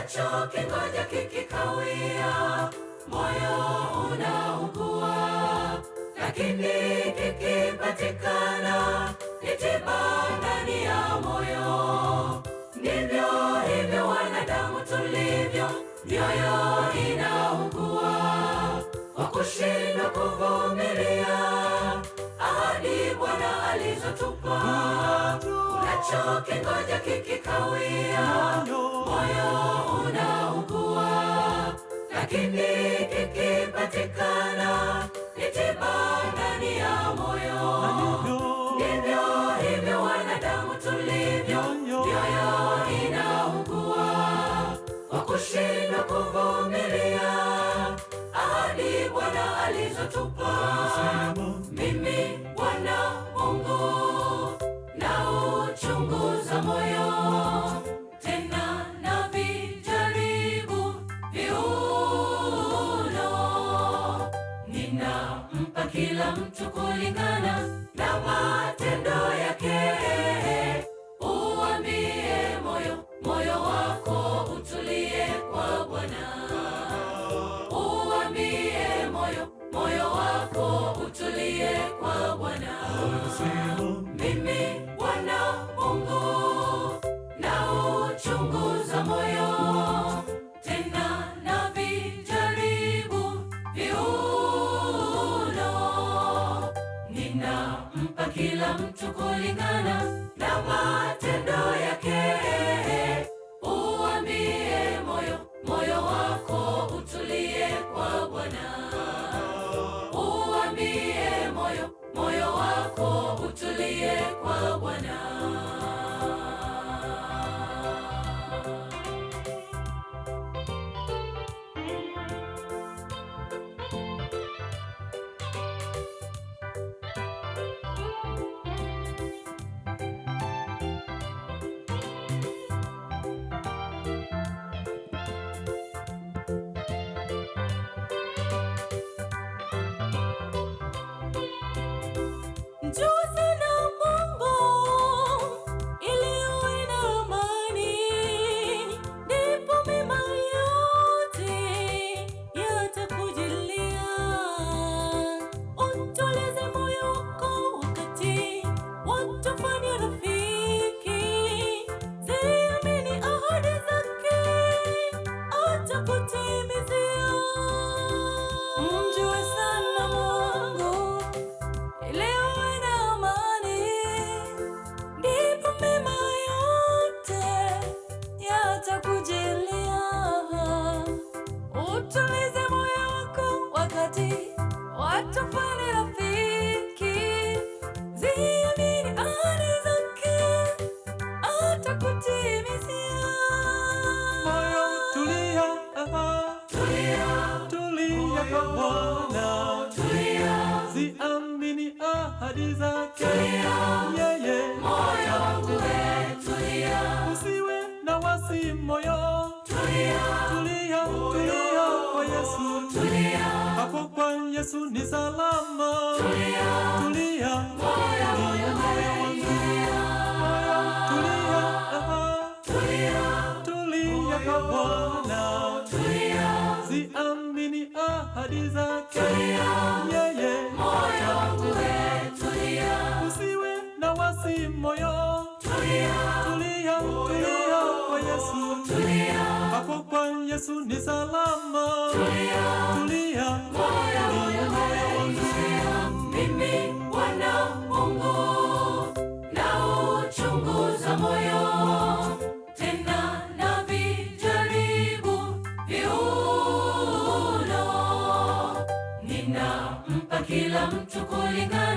nacho kingoja kikikawia, moyo unaugua, lakini kikipatikana nitiba ndani ya moyo. Ndivyo hivyo wanadamu tulivyo, mioyo inaugua kwa kushindwa kuvumilia ahadi Bwana alizotupa. nacho kingoja kikikawia moyo unaugua, lakini kikipatikana ni tiba ndani ya moyo. Ndivyo hivyo wanadamu tulivyo, mioyo inaugua kwa kushindwa kuvumilia ahadi Bwana alizotupa. Mimi kulingana na matendo yake. Uambie moyo, moyo wako utulie kwa Bwana. Uambie moyo, moyo wako utulie kwa Bwana. moyo ziamini ahadi zake, yeye usiwe na wasi moyo, tulia tulia kwa Yesu, hapo kwa Yesu ni salama, tulia tulia moyo wangu ahadi zake. Yeye usiwe na wasi moyo, tulia, tulia, tulia kwa Yesu, hapo kwa Yesu ni salama, tulia, tulia, tulia, tulia, tulia, tulia kila mtu kulingana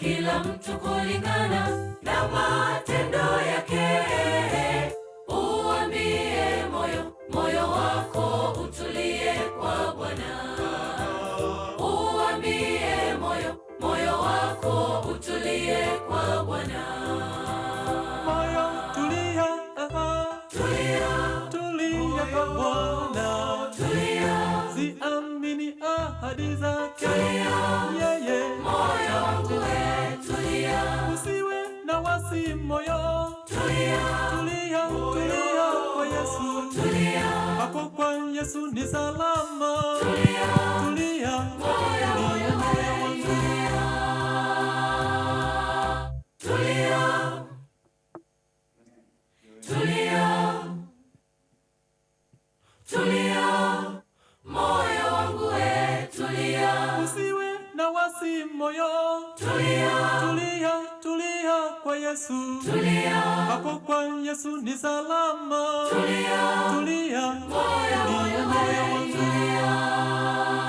kila mtu kulingana na matendo yake. Uambie moyo, moyo wako utulie kwa Bwana. Uambie moyo, moyo wako utulie kwa Bwana. Moyo tulia, tulia, tulia kwa Bwana, tulia, ziamini ahadi za Yesu ni salama. Tulia, tulia, moyo, moyo, tulia, tulia, tulia, moyo wangu, tulia, usiwe na wasi moyo, tulia, tulia Yesu, tulia. Hapo kwa Yesu ni salama, tulia, tulia, moyo wangu tulia.